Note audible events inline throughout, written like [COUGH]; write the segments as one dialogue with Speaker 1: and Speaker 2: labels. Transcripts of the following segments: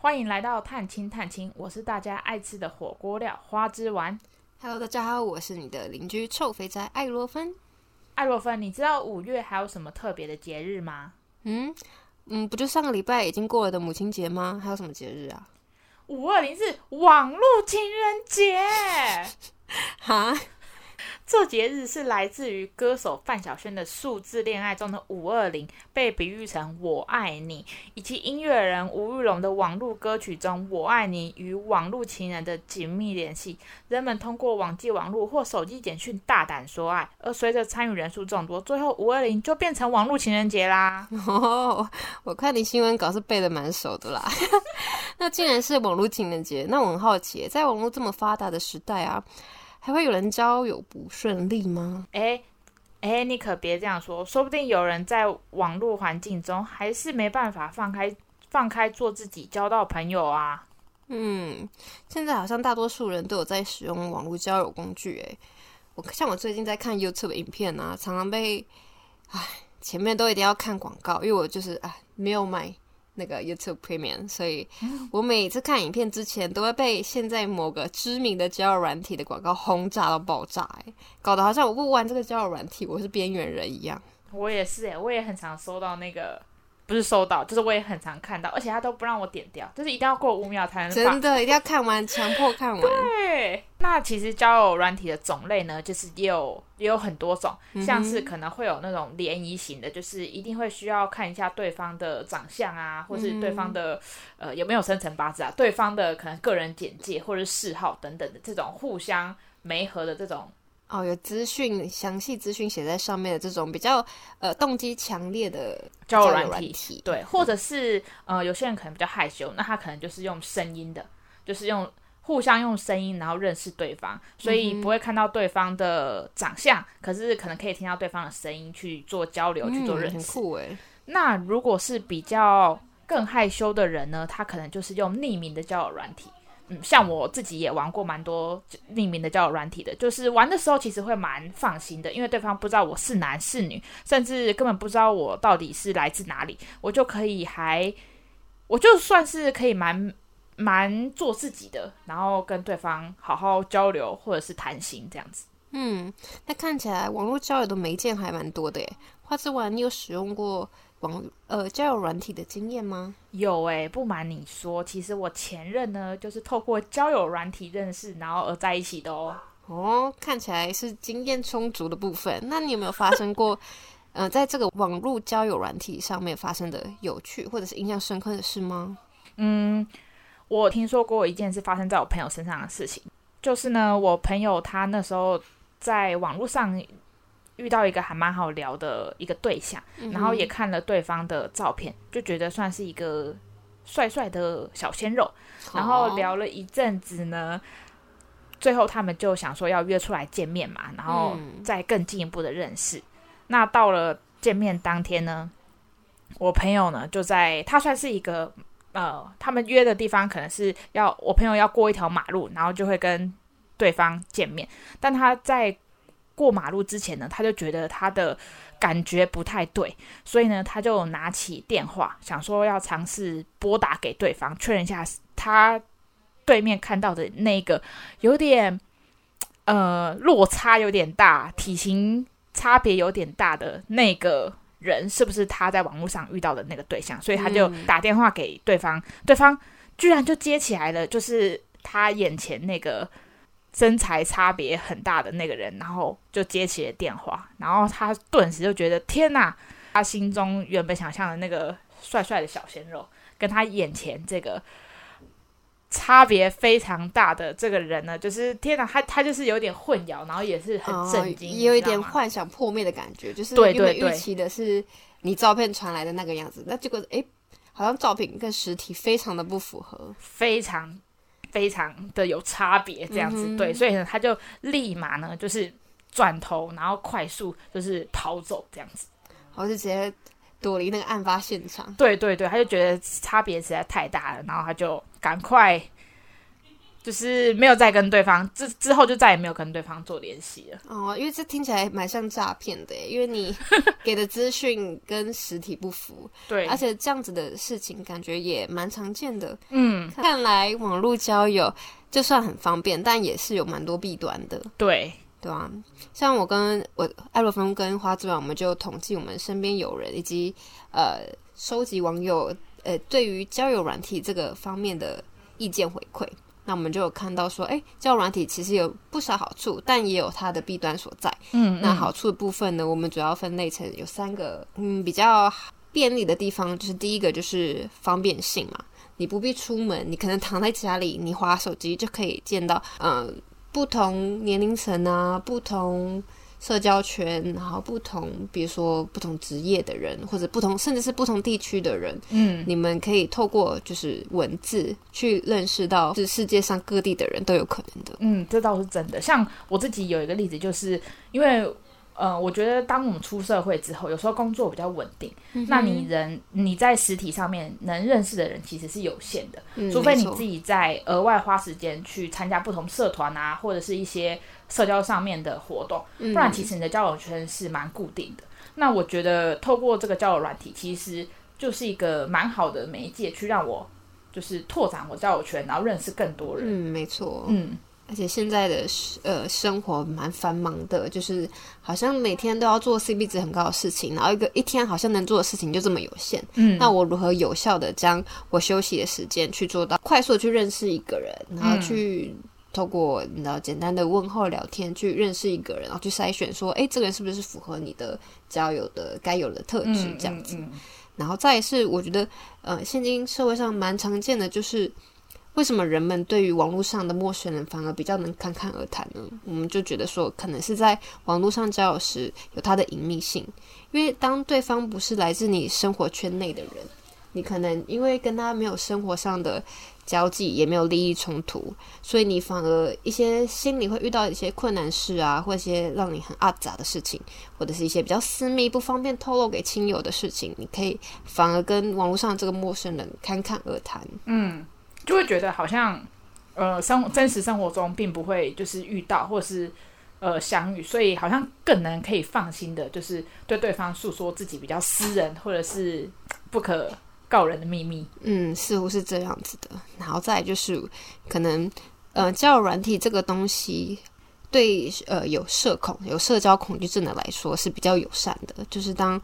Speaker 1: 歡迎來到嘆清探親，我是大家愛吃的火鍋料花枝丸。Hello，大家好，我是你的鄰居臭肥宅艾羅芬。艾羅芬，你知道五月還有什麼特別的節日嗎？嗯
Speaker 2: 嗯，不就上個禮拜已經過了的母親節嗎？還有什麼節日啊？
Speaker 1: 五二零是網路情人節。 [LAUGHS] 哈？這節日是來自於歌手范曉萱的數字戀愛中的“五二零”，被比喻成“我愛你”，以及音樂人吳玉龍的網絡歌曲中“我愛你”與網絡情人的緊密聯繫。人們通過網際網絡或手機簡訊大膽說愛，而隨着參與人數眾多，最後“五二零”就變成網絡情人節啦。哦，我看你新聞稿是背得蠻熟的啦。
Speaker 2: [LAUGHS] [LAUGHS] 那既然是網絡情人節，那我很好奇，在網絡這麼發達的時代啊。還會有人交友不順利嗎？
Speaker 1: 哎、欸，哎、欸，你可別這樣說，說不定有人在網絡環境中還是沒辦法放開放開做自己，交到朋友啊。
Speaker 2: 嗯，現在好像大多數人都有在使用網絡交友工具、欸。哎，我像我最近在看 YouTube 影片啊，常常被，哎，前面都一定要看廣告，因為我就是，哎，沒有買。那個 YouTube Premium，所以我每次看影片之前，都會被現在某個知名的交友軟體的廣告轟炸到爆炸、欸，哎，搞得好像我不玩這個交友軟體，我是邊緣人一樣。
Speaker 1: 我也是哎、欸，我也很常收到那個。不是收到，就是我也很常看到，而且他都不讓我點掉，就是一定要過五秒才能。真的，一定要看完，強 [LAUGHS] 迫看完。對，那其實交友軟體的種類呢，就是也有也有很多種、嗯，像是可能會有那種聯誼型的，就是一定會需要看一下對方的長相啊，或是對方的、嗯、呃有沒有生辰八字啊，對方的可能個人簡介或者是嗜好等等的這種互相媒合的這種。
Speaker 2: 哦，有資訊詳細資訊寫在上面的這種比較呃動
Speaker 1: 機強烈的交友軟體，軟體對，或者是、嗯、呃有些人可能比較害羞，那他可能就是用聲音的，就是用互相用聲音然後認識對方，所以不會看到對方的長相，嗯、可是可能可以聽到對方的聲音去做交流去做認識、嗯、很酷耶。那如果是比較更害羞的人呢，他可能就是用匿名的交友軟體。嗯，像我自己也玩過蠻多匿名的交友軟體的，就是玩的時候其實會蠻放心的，因為對方不知道我是男是女，甚至根本不知道我到底是來自哪裡，我就可以還，我就算是可以蠻蠻做自己的，然後跟對方好好交流或者是談心這樣子。
Speaker 2: 嗯，那看起來網絡交友的媒介還蠻多的誒。花枝丸，你
Speaker 1: 有使用過？網呃交友軟體的經驗嗎？有誒、欸。不瞞你說，其實我前任呢，就是透過交友軟體認識，然後而在一起的哦、喔。哦，看起來是經驗充足的部分。那你有沒有發生過， [LAUGHS] 呃，在這個
Speaker 2: 網絡交友軟體上面發生的有趣或者是印象深刻的事嗎？嗯，
Speaker 1: 我聽說過一件事發生在我朋友身上的事情，就是呢，我朋友他那時候在網絡上。遇到一個還蠻好聊的一個對象，嗯，然後也看了對方的照片，就覺得算是一個帥帥的小鮮肉。哦。然後聊了一陣子呢，最後他們就想說要約出來見面嘛，然後再更進一步的認識。嗯，那到了見面當天呢，我朋友呢就在他算是一個呃，他們約的地方可能是要我朋友要過一條馬路，然後就會跟對方見面，但他在。過馬路之前呢，他就覺得他的感覺不太對，所以呢，他就拿起電話，想說要嘗試撥打給對方，確認一下他對面看到的那個有點呃落差有點大、體型差別有點大的那個人是不是他在網絡上遇到的那個對象，所以他就打電話給對方，對方居然就接起來了，就是他眼前那個。身材差別很大的那個人，然後就接起了電話，然後他頓時就覺得天哪！他心中原本想象的那個帥帥的小鮮肉，跟他眼前這個差別非常大的這個人呢，就是天哪！他他就是有點混淆，然後也是很震驚，也、哦、有一點幻想
Speaker 2: 破滅的感覺，就是對對，對預期的是你照片傳來的那個樣子，那結果誒，好像照片跟實體非常的不符
Speaker 1: 合，非常。非常的有差別，這樣子、嗯、對，所以呢，他就立馬呢，就是轉頭，然後快速就是逃走，這樣子，然後就直接躲離那個案發現場。對對對，他就覺得差別實在太大了，然後他就趕快。就是沒有再跟對方之之後，就再也沒有跟對方做聯繫了。
Speaker 2: 哦，因為這聽起來蠻像詐騙的，因為你給的資訊跟實體不符。 [LAUGHS] 對，而且這樣子的事情感覺也蠻常見的。嗯，看來網絡交友就算很方便，但也是有蠻多弊端的。對，對啊。像我跟我愛羅芬跟花枝丸，我們就統計我們身邊有人以及呃收集網友呃對於交友軟體這個方面的意見回饋。那我們就有看到說，哎、欸，交軟體其實有不少好處，但也有它的弊端所在。嗯，嗯，那好處的部分呢，我們主要分類成有三個，嗯，比較便利的地方，就是第一個就是方便性嘛，你不必出門，你可能躺在家裡，你滑手機就可以見到，嗯，不同年齡層啊，不同。社交圈，然後不同，比如說不同職業的人，或者不同，甚至是不同地區的人，嗯，你們可以透過就是文字去認識到，是世界上各地的人都有可能的。嗯，這
Speaker 1: 倒是真的。像我自己有一個例子，就是因為。嗯，我覺得當我們出社會之後，有時候工作比較穩定，嗯、那你人你在實體上面能認識的人其實是有限的。嗯，除非你自己在額外花時間去參加不同社團啊，嗯、或者是一些社交上面的活動，嗯、不然其實你的交友圈是蠻固定的。那我覺得透過這個交友軟體，其實就是一個蠻好的媒介，去讓我就是拓展我交友圈，然後認識更多人。嗯，沒錯，嗯。而且現在的呃生
Speaker 2: 活蠻繁忙的，就是好像每天都要做 CP 值很高的事情，然後一個一天好像能做的事情就這麼有限。嗯，那我如何有效的將我休息的時間去做到快速的去認識一個人，然後去透過、嗯、你知道簡單的問候聊天去認識一個人，然後去篩選說，誒、欸，這個人是不是符合你的交友的該有的特質這樣子？嗯嗯嗯、然後再是我覺得呃，現今社會上蠻常見的就是。為什麼人們對於網絡上的陌生人反而比較能侃侃而談呢？我們就覺得說，可能是在網絡上交友時有它的隱秘性，因為當對方不是來自你生活圈內的人，你可能因為跟他沒有生活上的交際，也沒有利益衝突，所以你反而一些心裡會遇到一些困難事啊，或一些讓你很阿雜的事情，或者是一些比較私密不方便透露給親友的事情，你可以反而跟網絡上的這個陌生人侃侃而談。嗯。
Speaker 1: 就會覺得好像，呃，生真實生活中並不會就是遇到或者是呃相遇，所以好像更能可以放心的，就是對對方訴說自己比較私人或者是不可告人的秘密。嗯，
Speaker 2: 似乎是這樣子的。然後再就是，可能呃，交友軟體這個東西對呃有社恐、有社交恐懼症的來說是比較友善的，就是當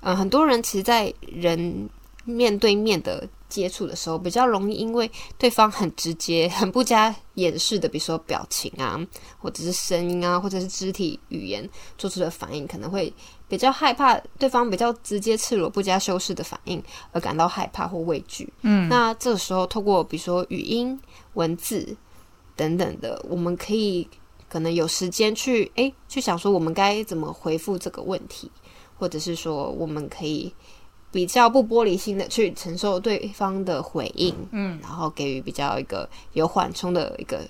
Speaker 2: 嗯、呃、很多人其實，在人面對面的。接觸的時候比較容易，因為對方很直接、很不加掩飾的，比如說表情啊，或者是聲音啊，或者是肢體語言做出的反應，可能會比較害怕對方比較直接、赤裸、不加修飾的反應而感到害怕或畏懼。嗯，那這時候透過比如說語音、文字等等的，我們可以可能有時間去誒去想說我們該怎麼回復這個問題，或者是說我們可以。比較不玻璃心的去承受對方的回應，嗯，嗯，然後給予比較一個有緩衝的一個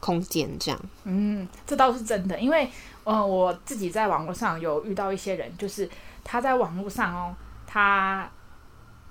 Speaker 2: 空間，這樣，
Speaker 1: 嗯，這倒是真的，因為，嗯，我自己在網絡上有遇到一些人，就是他在網絡上哦，他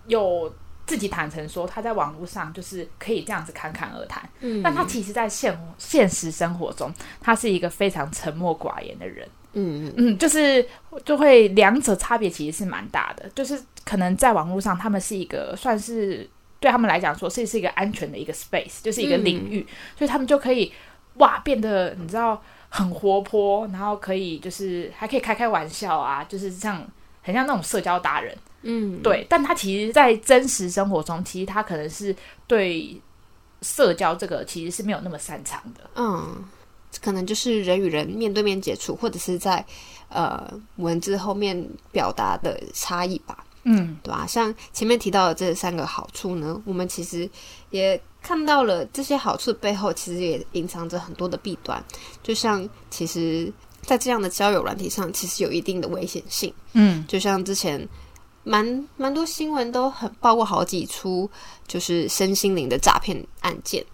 Speaker 1: 有自己坦誠說他在網絡上就是可以這樣子侃侃而談，嗯，但他其實在現現實生活中，他是一個非常沉默寡言的人。嗯嗯，就是就會兩者差別其實是蠻大的，就是可能在網絡上，他們是一個算是對他們來講說，是是一個安全的一個 space，就是一個領域，嗯，所以他們就可以哇變得你知道很活潑，然後可以就是還可以開開玩笑啊，就是像很像那種社交達人，嗯，對，但他其實在真實生活中，其實他可能是對社交這個其實是沒有那麼擅長的，嗯。可能就是人
Speaker 2: 與人面對面接觸，或者是在呃文字後面表達的差異吧。嗯，對啊。像前面提到的這三個好處呢，我們其實也看到了這些好處背後其實也隱藏着很多的弊端，就像其實，在這樣的交友軟體上，其實有一定的危險性。嗯，就像之前蠻蠻多新聞都很報過好幾出就是身心靈的詐騙案件。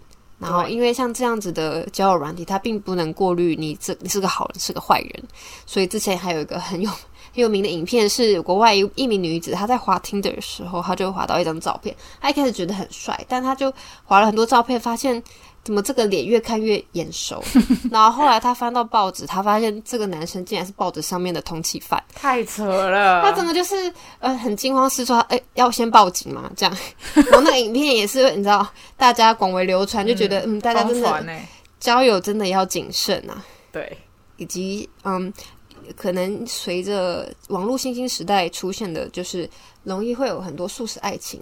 Speaker 2: 然後，因為像這樣子的交友軟體，它並不能過濾你這你，你是個好人，是個壞人。所以之前還有一個很有很有名的影片，是國外一一名女子，她在滑 Tinder 的時候，她就滑到一張照片，她一開始覺得很帥，但她就滑了很多照片，發現。怎麼這個臉越看越眼熟？ [LAUGHS] 然後後來他翻到報紙，他發現這個男生竟然是報紙上面的通緝犯，太扯了！他怎麼就是呃很驚慌失措？哎、欸，要先報警嗎？這樣。然後那個影片也是 [LAUGHS] 你知道，大家廣為流傳，嗯、就覺得嗯，大家真的、欸、交友真的要謹慎啊。對，以及嗯，可能隨着網絡新興時代出現的，就是容易會有很多速食愛情。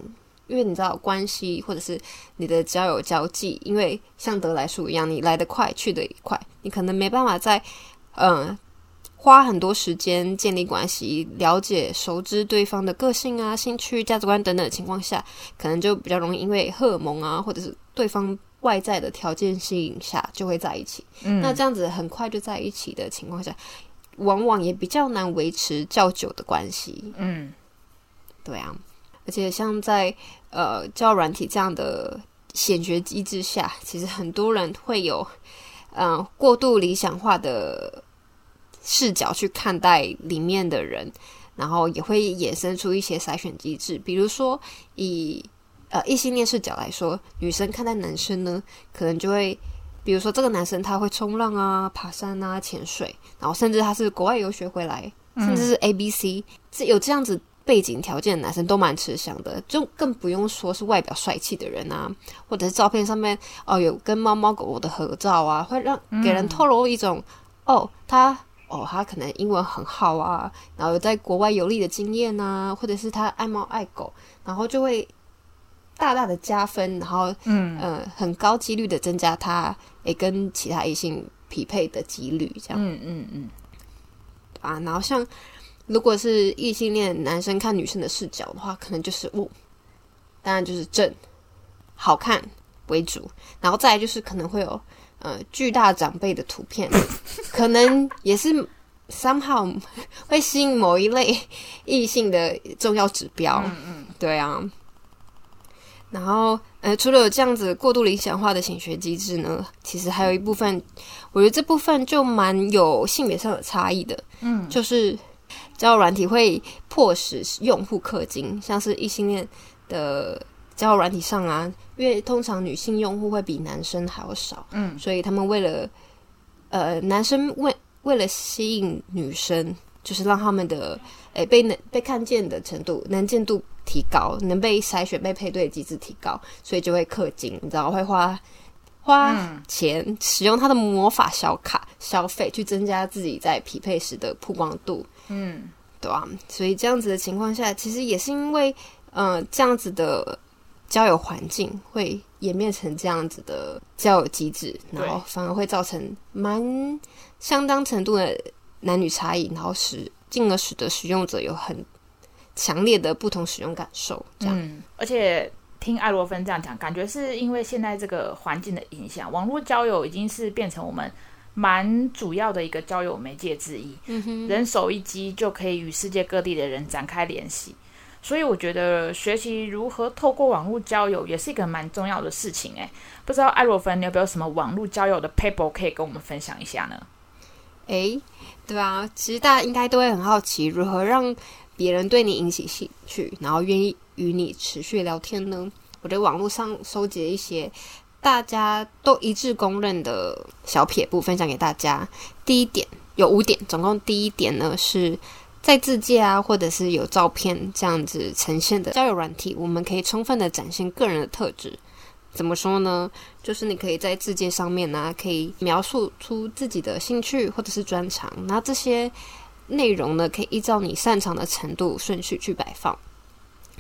Speaker 2: 因為你知道關係，或者是你的交友交際，因為像得來速一樣，你來得快，去得也快，你可能沒辦法在嗯、呃、花很多時間建立關係、了解、熟知對方的個性啊、興趣、價值觀等等的情況下，可能就比較容易因為荷爾蒙啊，或者是對方外在的條件吸引下，就會在一起、嗯。那這樣子很快就在一起的情況下，往往也比較難維持較久的關係。
Speaker 1: 嗯，
Speaker 2: 對啊。而且像在呃交軟體這樣的顯學機制下，其實很多人會有嗯、呃、過度理想化的視角去看待裡面的人，然後也會衍生出一些篩選機制。比如說以呃異性戀視角來說，女生看待男生呢，可能就會比如說這個男生他會衝浪啊、爬山啊、潛水，然後甚至他是國外遊學回來，嗯、甚至是 ABC，這有這樣子。背景條件的男生都蠻吃香的，就更不用說是外表帥氣的人啊，或者是照片上面哦有跟貓貓狗狗的合照啊，會讓給人透露一種、嗯、哦他哦他可能英文很好啊，然後有在國外遊歷的經驗啊，或者是他愛貓愛狗，然後就會大大的加分，然後嗯、呃、很高幾率的增加他也跟其他異性匹配的幾率，這樣嗯嗯嗯啊，然後像。如果是異性戀男生看女生的視角的話，可能就是物、哦，當然就是正，好看為主。然後再來就是可能會有呃巨大長輩的圖片， [LAUGHS] 可能也是 somehow 會吸引某一類異性的重要指標。對啊。然後呃，除了有這樣子過度理想化的情緒機制呢，其實還有一部分，我覺得這部分就蠻有性別上的差異的。嗯，就是。交友軟體會迫使用戶氪金，像是異性戀的交友軟體上啊，因為通常女性用戶會比男生還要少，嗯，所以他們為了，呃，男生為為了吸引女生，就是讓他們的誒、欸、被能被看見的程度、能見度提高，能被篩選、被配對機制提高，所以就會氪金，你知道會花花錢使用他的魔法小卡、嗯、消費，去增加自己在匹配時的曝光度。嗯，對啊。所以這樣子的情況下，其實也是因為，呃，這樣子的交友環境會演變成這樣子的交友機制，然後反而會造成蠻相當程度的男女差異，然後使進而使得使用者有很強烈的不同使用感受。
Speaker 1: 這樣，嗯，而且聽愛羅芬這樣講，感覺是因為現在這個環境的影響，網絡交友已經是變成我們。蠻主要的一個交友媒介之一。嗯哼，人手一機就可以與世界各地的人展開聯繫，所以我覺得學習如何透過網絡交友也是一個蠻重要的事情。誒，不知道愛羅芬，你有沒有什麼網絡交友的 paper 可以跟我們分享一下呢？誒、
Speaker 2: 欸，對啊，其實大家應該都會很好奇，如何讓別人對你引起興趣，然後願意與你持續聊天呢？我覺得網絡上收集一些。大家都一致公認的小撇步，分享給大家。第一點有五點，總共第一點呢，是在自介啊，或者是有照片這樣子呈現的交友軟體，我們可以充分的展現個人的特質。怎麼說呢？就是你可以在自介上面呢、啊，可以描述出自己的興趣或者是專長，那這些內容呢，可以依照你擅長的程度順序去擺放。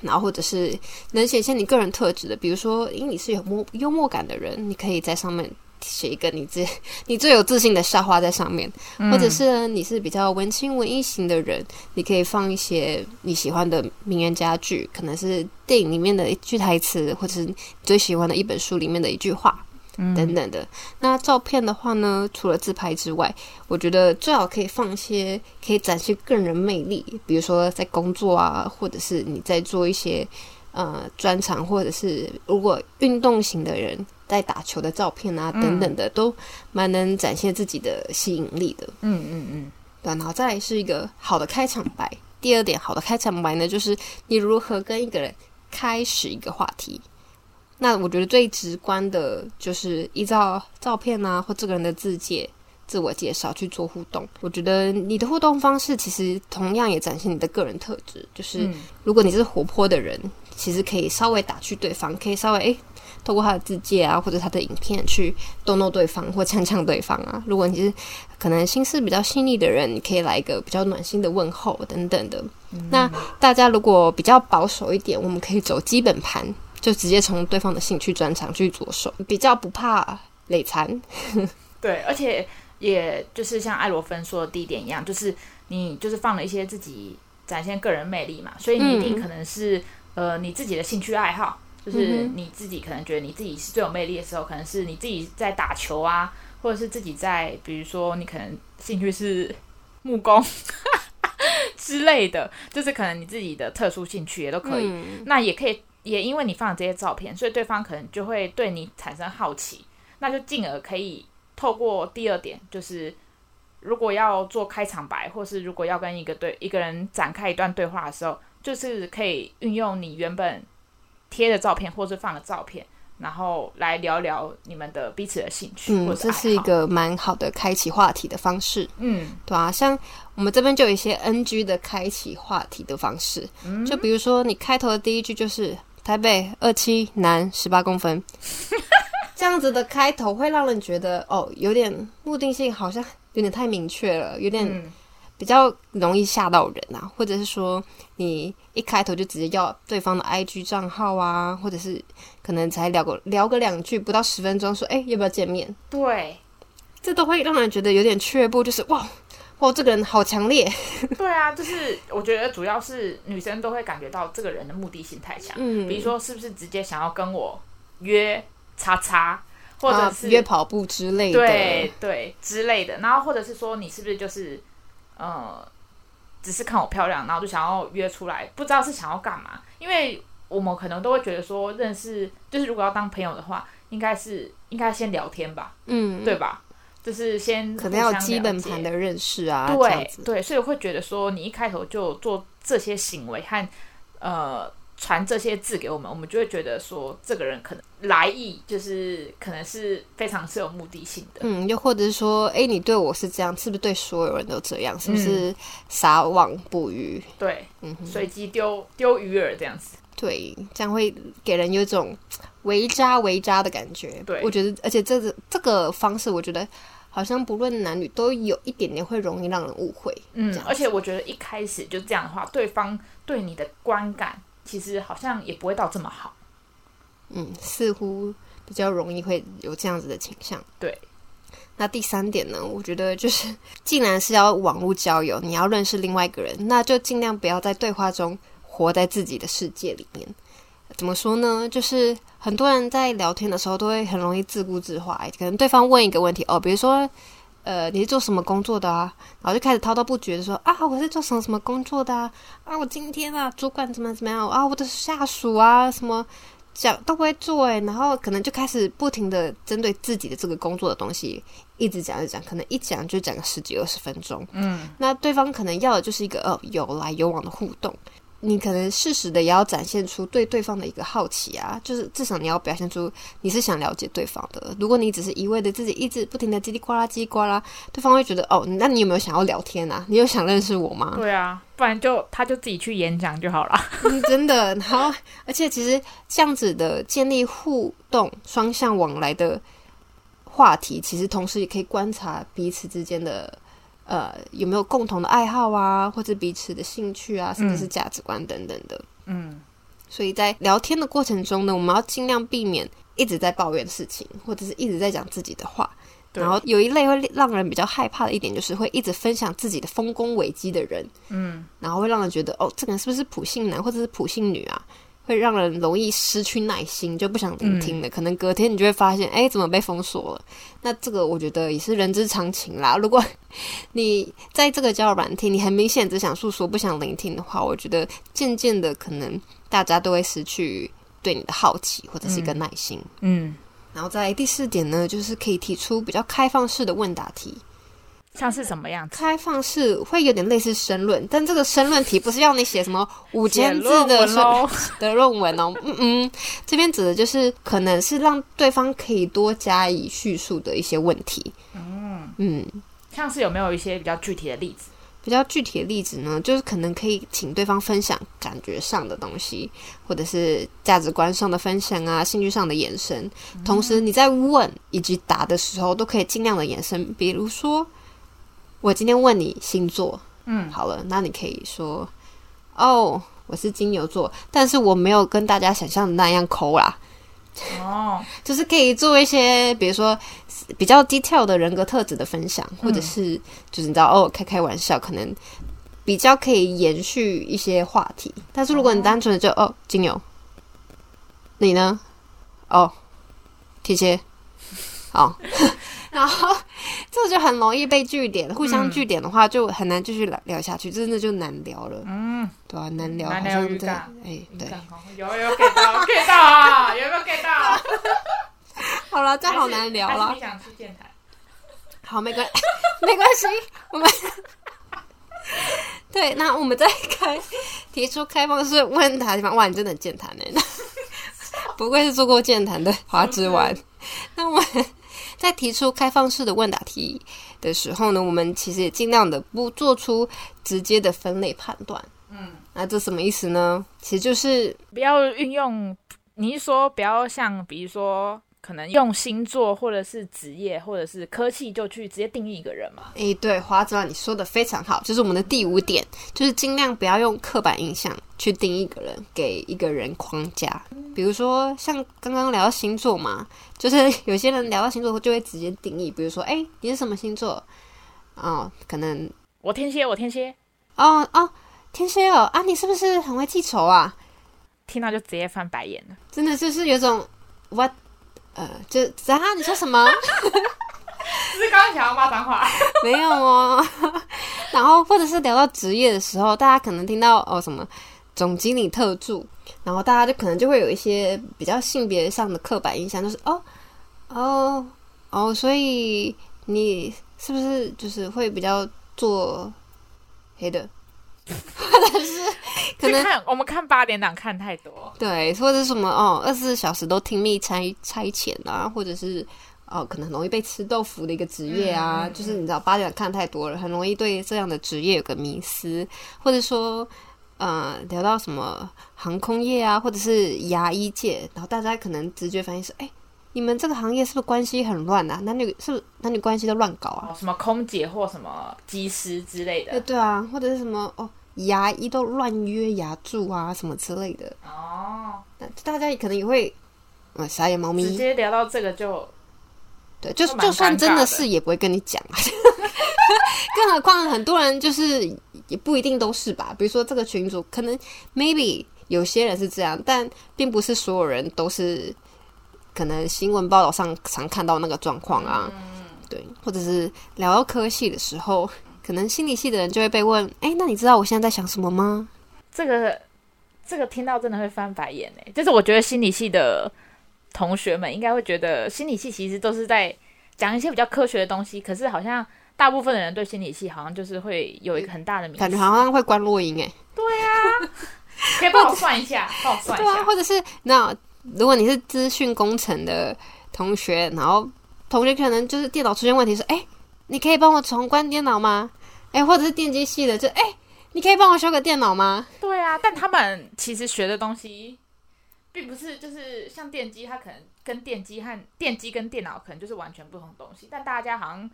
Speaker 2: 然後，或者是能顯現你個人特質的，比如說，因為你是有幽默感的人，你可以在上面寫一個你最你最有自信的笑話在上面，或者是、嗯、你是比較文青文藝型的人，你可以放一些你喜歡的名言佳句，可能是電影裡面的一句台詞，或者是你最喜歡的一本書裡面的一句話。嗯、等等的，那照片的話呢，除了自拍之外，我覺得最好可以放一些可以展現個人魅力，比如說在工作啊，或者是你在做一些呃專場，或者是如果運動型的人在打球的照片啊，等等的，嗯、都蠻能展現自己的吸引力的。嗯嗯嗯。對，然後再來是一個好的開場白。第二點，好的開場白呢，就是你如何跟一個人開始一個話題。那我覺得最直觀的就是依照照片啊，或這個人的自介、自我介紹去做互動。我覺得你的互動方式其實同樣也展現你的個人特質。就是、嗯、如果你是活潑的人，其實可以稍微打趣對方，可以稍微誒透過他的自介啊，或者他的影片去逗弄對方或嗆嗆對方啊。如果你是可能心思比較細膩的人，你可以來一個比較暖心的問候等等的。嗯、那大家如果比較保守一點，我們可以走基本盤。就直接從對方的興趣專長，去着手，比較不怕累殘。
Speaker 1: [LAUGHS] 對，而且也就是像愛羅芬說的第一點一樣，就是你就是放了一些自己展現個人魅力嘛，所以你一定可能是、嗯、呃你自己的興趣愛好，就是你自己可能覺得你自己是最有魅力的時候，可能是你自己在打球啊，或者是自己在比如說你可能興趣是木工 [LAUGHS] 之類的，就是可能你自己的特殊興趣也都可以，嗯、那也可以。也因為你放這些照片，所以對方可能就會對你產生好奇，那就進而可以透過第二點，就是如果要做開場白，或是如果要跟一個對一個人展開一段對話的時候，就是可以運用你原本貼的照片，或是放的照片，然後來聊聊你們的彼此的興趣。我、嗯、這
Speaker 2: 是一個蠻好的開啟話題的方式。嗯，對啊，像我們這邊就有一些 NG 的開啟話題的方式，就比如說你開頭的第一句就是。台北二七男十八公分， [LAUGHS] 這樣子的開頭會讓人覺得哦，有點目的性，好像有點太明確了，有點比較容易嚇到人啊、嗯。或者是說，你一開頭就直接要對方的 IG 賬號啊，或者是可能才聊個聊個兩句不到十分鐘，說、欸、哎要不要見面？對，這都會讓人覺得有點卻步，就是哇。哦、oh,，這個人好強烈。
Speaker 1: 對啊，就是我覺得主要是女生都會感覺到這個人的目的性太強、 [LAUGHS] 嗯。比如說，是不是直接想要跟我約叉叉，或者是約、啊、跑步之類的？對對之類的。然後或者是說，你是不是就是呃，只是看我漂亮，然後就想要約出來，不知道是想要幹嘛？因為我們可能都會覺得說認識，就是如果要當朋友的話，應該是應該先聊天吧？嗯，對吧？就是先可能要基本盤的認識啊，對，這樣子對，所以我會覺得說你一開頭就做這些行為和呃傳這些字給我們，我們就會覺得說這個人可能來意就是可能是非常是有目的性
Speaker 2: 的，嗯，又或者是說哎，你對我是這樣，是不是對所有人都這樣？嗯，是不是撒網捕魚？
Speaker 1: 對，嗯，隨機丟丟魚餌這樣子，
Speaker 2: 對，這樣會給人有一種圍渣圍渣的感覺。對，我覺得，而且這個這個方式，我覺得。好像不論男女，都有
Speaker 1: 一點點會容易讓人誤會。嗯，而且我覺得一開始就這樣的話，對方對你的觀感其實好像也不會到這麼好。
Speaker 2: 嗯，似乎比較容易會有這樣子的傾向。對，那第三點呢？我覺得就是，既然是要網絡交友，你要認識另外一個人，那就儘量不要在對話中活在自己的世界裡面。怎麼說呢？就是很多人在聊天的時候都會很容易自顧自話，可能對方問一個問題哦，比如說，呃，你是做什麼工作的啊？然後就開始滔滔不絕的說啊，我是做什麼什麼工作的啊？啊，我今天啊，主管怎麼怎麼樣啊？我的下屬啊，什麼講都不會做哎，然後可能就開始不停地針對自己的這個工作的東西一直講一直講，可能一講就講個十幾二十分鐘。嗯，那對方可能要的就是一個呃，哦，有來有往的互動。你可能適時的也要展現出對對方的一個好奇啊，就是至少你要表現出你是想了解對方的。如果你只是一味的自己一直不停的嘰里呱啦嘰里呱啦，對方會覺得哦，那你有沒有想要聊天啊？你有想認識我嗎？對
Speaker 1: 啊，不然就他就自己去演講就好了
Speaker 2: [LAUGHS] 嗯。真的，然後而且其實這樣子的建立互動、雙向往來的話題，其實同時也可以觀察彼此之間的。呃，有沒有共同的愛好啊，或者彼此的興趣啊，甚至是價值觀等等的。嗯，所以在聊天的過程中呢，我們要盡量避免一直在抱怨事情，或者是一直在講自己的話。然後有一類會讓人比較害怕的一點，就是會一直分享自己的豐功偉績的人。嗯，然後會讓人覺得，哦，這個人是不是普信男或者是普信女啊？會讓人容易失去耐心，就不想聆聽的，嗯。可能隔天你就會發現，哎、欸，怎麼被封鎖了？那這個我覺得也是人之常情啦。如果你在這個交友軟體，你很明顯只想訴說，不想聆聽的話，我覺得漸漸的可能大家都會失去對你的好奇，或者是一個耐心。嗯。然後在第四點呢，就是可以提出比較開放式的問答題。
Speaker 1: 像是什麼樣子？
Speaker 2: 開放式會有點類似申論， [LAUGHS] 但這個申論題不是要你寫什麼五千字的
Speaker 1: 的論文哦。 [LAUGHS] 嗯嗯，
Speaker 2: 這邊指的就是可能是讓對方可以多加以敘述的一些問題。
Speaker 1: 嗯嗯，像是有沒有一些比較具體的例子？
Speaker 2: 比較具體的例子呢，就是可能可以請對方分享感覺上的東西，或者是價值觀上的分享啊，興趣上的延伸，嗯。同時你在問以及答的時候，都可以盡量的延伸，比如說。我今天問你星座，嗯，好了，那你可以說，哦，我是金牛座，但是我沒有跟大家想象的那樣摳啦，哦， [LAUGHS] 就是可以做一些，比如說比較 detail 的人格特質的分享，或者是、嗯、就是你知道哦，開開玩笑，可能比較可以延續一些話題。但是如果你單純的就哦，哦，金牛，你呢？哦，貼切，好、 [LAUGHS] 哦。 [LAUGHS] 然後這就很容易被句點，互相句點的話就很難繼續聊聊下去，真、嗯、的就難聊了。嗯，對啊，難聊，難聊。難聊
Speaker 1: 難聊對難聊有有 get 到 g [LAUGHS] 到啊？有沒有給到？ [LAUGHS] [LAUGHS] 好了，這好難聊了。
Speaker 2: 好，沒關係，沒關係。 [LAUGHS] 我們 [LAUGHS] 對，那我們再開提出開放式問答地方。哇，你真的很健談呢、欸，不愧是做過健談的花枝丸。 [LAUGHS] 那我們。在提出開放式的問答題的時候呢，我們其實也盡量的不做出直接的分類判斷。
Speaker 1: 嗯，
Speaker 2: 那這什麼意思呢？其實就是
Speaker 1: 不要運用，你說不要像，比如說。可能用星座，或者是職業，或者是科技，就去直接定義一個人嘛。
Speaker 2: 誒、欸，對，花枝，啊、你說的非常好，就是我們的第五點，就是盡量不要用刻板印象去定義一個人，給一個人框架。比如說，像剛剛聊到星座嘛，就是有些人聊到星座就會直接定義，比如說，哎、欸，你是什麼星座？哦，可能
Speaker 1: 我天蠍，我天
Speaker 2: 蠍。哦哦，天蠍哦，啊，你是不是很會記
Speaker 1: 仇啊？聽到就直接翻白眼了，
Speaker 2: 真的就是有種我。What? 呃，就然後、啊、你說什麼？
Speaker 1: [LAUGHS] 是剛才想要罵髒話？
Speaker 2: 沒有哦。然後或者是聊到職業的時候，大家可能聽到哦什麼總經理特助，然後大家就可能就會有一些比較性別上的刻板印象，就是哦哦哦，所以你是不是就是會比較做黑的？
Speaker 1: 或 [LAUGHS] 者是可能看我們看八點檔看太多，
Speaker 2: 對，或者什麼哦，二十四小時都聽命差差遣啊，或者是哦，可能很容易被吃豆腐的一個職業啊、嗯，就是你知道八點檔看太多了，很容易對這樣的職業有個迷思，或者說呃，聊到什麼航空業啊，或者是牙醫界，然後大家可能直覺反應是哎。欸你們這個行業是不是關係很亂啊？男女是不是男女關係都亂搞啊，
Speaker 1: 哦？什麼空姐或什麼機師之類的？對，對啊，或者是什麼
Speaker 2: 哦，牙醫都亂約牙柱啊，什麼之類的。哦，那大家可能也會，嗯、哦，傻眼貓咪直
Speaker 1: 接聊到這個就，
Speaker 2: 對，就就算真的是也不會跟你講， [LAUGHS] [LAUGHS] 更何況很多人就是也不一定都是吧。比如說這個群主，可能 maybe 有些人是這樣，但並不是所有人都是。可能新聞報道上常看到那個狀況啊、嗯，對，或者是聊到科系的時候，可能心理系的人就會被問：哎、欸，那你知道我現在在想什麼嗎？
Speaker 1: 這個這個聽到真的會翻白眼誒，就是我覺得心理系的同學們應該會覺得，心理系其實都是在講一些比較科學的東西，可是好像大部分的人對心理系好像就是會有一個很大的迷思，感覺好
Speaker 2: 像會觀落陰誒，對啊，可以幫我算一
Speaker 1: 下，幫我算一下，或者,對、啊、或者
Speaker 2: 是那。No, 如果你是資訊工程的同學，然後同學可能就是電腦出現問題，說：“哎、欸，你可以幫我重關電腦嗎？”哎、欸，或者是電機系的，就：“哎、欸，你可以幫我修個電腦嗎？”
Speaker 1: 對啊，但他們其實學的東西，並不是就是像電機，它可能跟電機和電機跟電腦可能就是完全不同的東西，但大家好像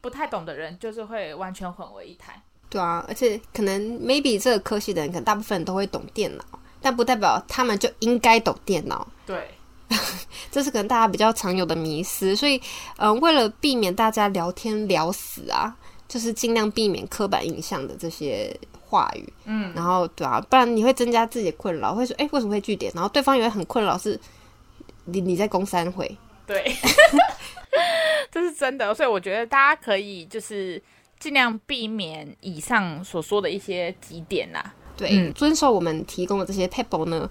Speaker 1: 不太懂的人，就是會完全混為一談。
Speaker 2: 對啊，而且可能 maybe 這個科系的人，可能大部分都會懂電腦。但不代表他們就應該懂電腦，
Speaker 1: 對，
Speaker 2: [LAUGHS] 這是可能大家比較常有的迷思，所以嗯、呃，為了避免大家聊天聊死啊，就是盡量避免刻板印象的這些話語，嗯，然後對啊，不然你會增加自己的困擾，會說哎、欸，為什麼會句點？然後對方也會很困擾，是你你在攻三回，
Speaker 1: 對， [LAUGHS] [LAUGHS] 這是真的，所以我覺得大家可以就是盡量避免以上所說的一些幾點啦、啊。對、嗯，
Speaker 2: 遵守我們提供的這些撇步呢，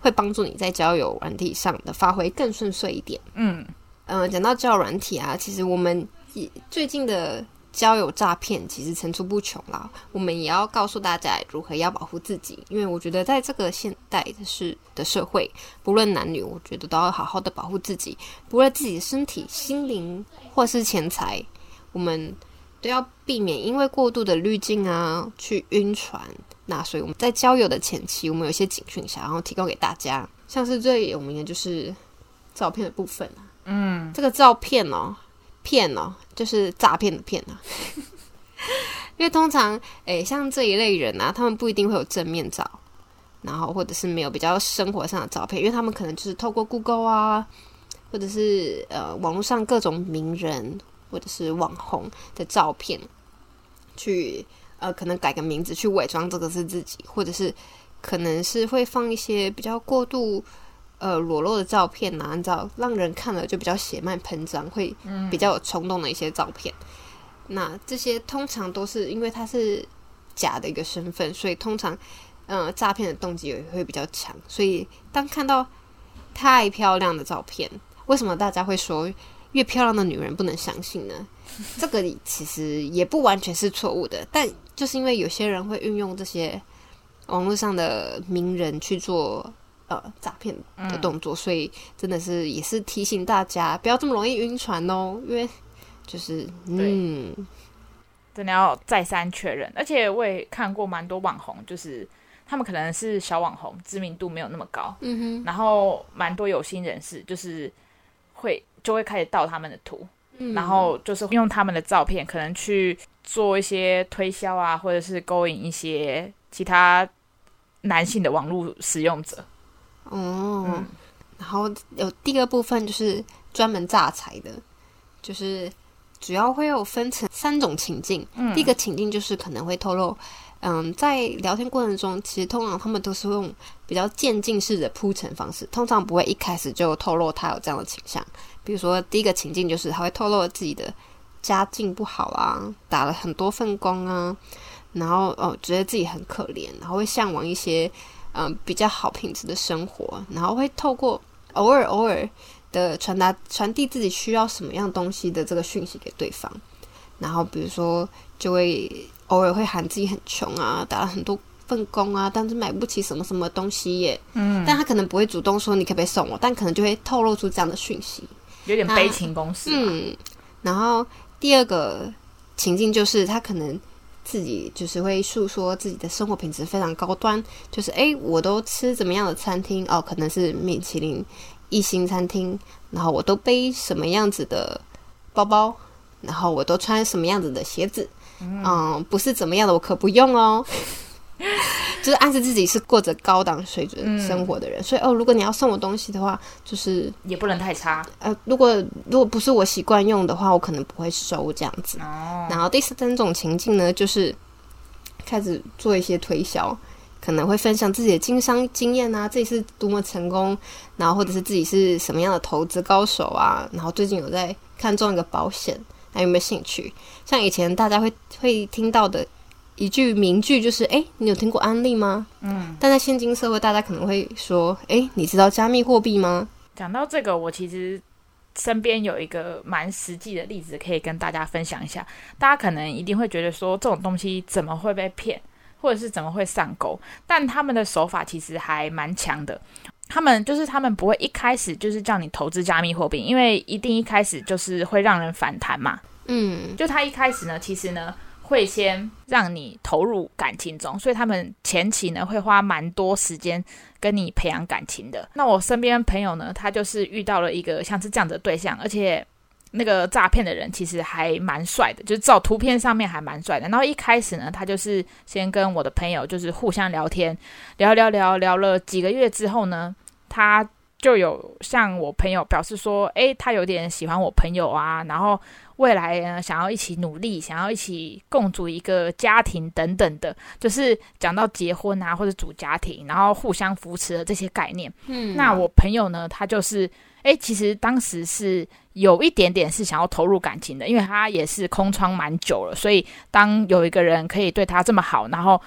Speaker 2: 會幫助你在交友軟體上的發揮更順遂一點。嗯嗯，講、呃、到交友軟體啊，其實我們也最近的交友詐騙其實層出不窮啦。我們也要告訴大家如何要保護自己，因為我覺得在這個現代的社的社會，不論男女，我覺得都要好好的保護自己，不論自己的身體、心靈或是錢財，我們都要避免因為過度的濾鏡啊，去暈船。那所以我們在交友的前期，我們有一些警訊，想要然後提供給大家，像是最有名的就是照片的部分嗯、啊，這個照片哦，騙哦，就是詐騙的騙啊。因為通常，哎，像這一類人啊，他們不一定會有正面照，然後或者是沒有比較生活上的照片，因為他們可能就是透過 Google 啊，或者是呃網絡上各種名人或者是網紅的照片。去呃，可能改個名字去偽裝這個是自己，或者是可能是會放一些比較過度呃裸露的照片拿、啊、你知道讓人看了就比較血脈噴張，會比較有衝動的一些照片。嗯、那這些通常都是因為它是假的一個身份，所以通常嗯、呃、詐騙的動機也會比較強。所以當看到太漂亮的照片，為什麼大家會說越漂亮的女人不能相信呢？ [LAUGHS] 這個其實也不完全是錯誤的，但就是因為有些人會運用這些網絡上的名人去做呃詐騙的動作、嗯，所以真的是也是提醒大家
Speaker 1: 不要這麼容易暈船哦。因為
Speaker 2: 就是嗯對，
Speaker 1: 真的要再三確認。而且我也看過蠻多網紅，就是他們可能是小網紅，知名度沒有那麼高，嗯哼。然後蠻多有心人士就是會就會開始盜他們的圖。然後就是用他們的照片，可能去做一些推銷啊，或者是勾引一些其他男性的網絡使用者。嗯、哦，
Speaker 2: 然後有第二部分就是專門詐財的，就是主要會有分成三種情境，嗯、第一個情境就是可能會透露，嗯，在聊天過程中，其實通常他們都是用比較漸進式的鋪陳方式，通常不會一開始就透露他有這樣的傾向。比如說，第一個情境就是他會透露自己的家境不好啊，打了很多份工啊，然後哦、嗯，覺得自己很可憐，然後會向往一些嗯比較好品質的生活，然後會透過偶爾偶爾的傳達傳遞自己需要什麼樣東西的這個訊息給對方，然後比如說就會。偶爾會喊自己很窮啊，打了很多份工啊，但是買不起什麼什麼東西耶。嗯，但他可能不會主動說你可不可以送我，但可能就會透露出這樣的訊息，
Speaker 1: 有點悲
Speaker 2: 情公式啊。嗯，然後第二個情境就是他可能自己就是會訴說自己的生活品質非常高端，就是哎、欸，我都吃怎麼樣的餐廳哦，可能是米其林一星餐廳，然後我都背什麼樣子的包包，然後我都穿什麼樣子的鞋子。嗯，嗯，不是怎麼樣的，我可不用哦。 [LAUGHS] 就是暗示自己是過着高檔水準生活的人，嗯、所以哦，如果你要送我東西的話，就是
Speaker 1: 也不能太差。
Speaker 2: 呃，如果如果不是我習慣用的話，我可能不會收這樣子。哦、然後第三種情境呢，就是開始做一些推銷，可能會分享自己的經商經驗啊，自己是多麼成功，然後或者是自己是什麼樣的投資高手啊、嗯，然後最近有在看中一個保險。還有沒有興趣？像以前大家會會聽到的一句名句，就是“哎，你有聽過安利嗎？”嗯，但在現今社會，大家可能會說：“哎，你知道加密貨幣嗎？”
Speaker 1: 講到這個，我其實身邊有一個蠻實際的例子可以跟大家分享一下。大家可能一定會覺得說這種東西怎麼會被騙，或者是怎麼會上鈎，但他們的手法其實還蠻強的。他們就是他們不會一開始就是叫你投資加密貨幣，因為一定一開始就是會讓人反彈嘛。嗯，就他一開始呢，其實呢會先讓你投入感情中，所以他們前期呢會花蠻多時間跟你培養感情的。那我身邊朋友呢，他就是遇到了一個像是這樣子的對象，而且，那個詐騙的人其實還蠻帥的，就是照圖片上面還蠻帥的。然後一開始呢，他就是先跟我的朋友就是互相聊天，聊聊聊聊了幾個月之後呢，他就有向我朋友表示說，誒，他有點喜歡我朋友啊，然後未來呢想要一起努力，想要一起共組一個家庭等等的，就是講到結婚啊或者組家庭，然後互相扶持的這些概念。嗯，那我朋友呢，他就是。哎、欸，其實當時是有一點點是想要投入感情的，因為他也是空窗蠻久了，所以當有一個人可以對他這麼好，然後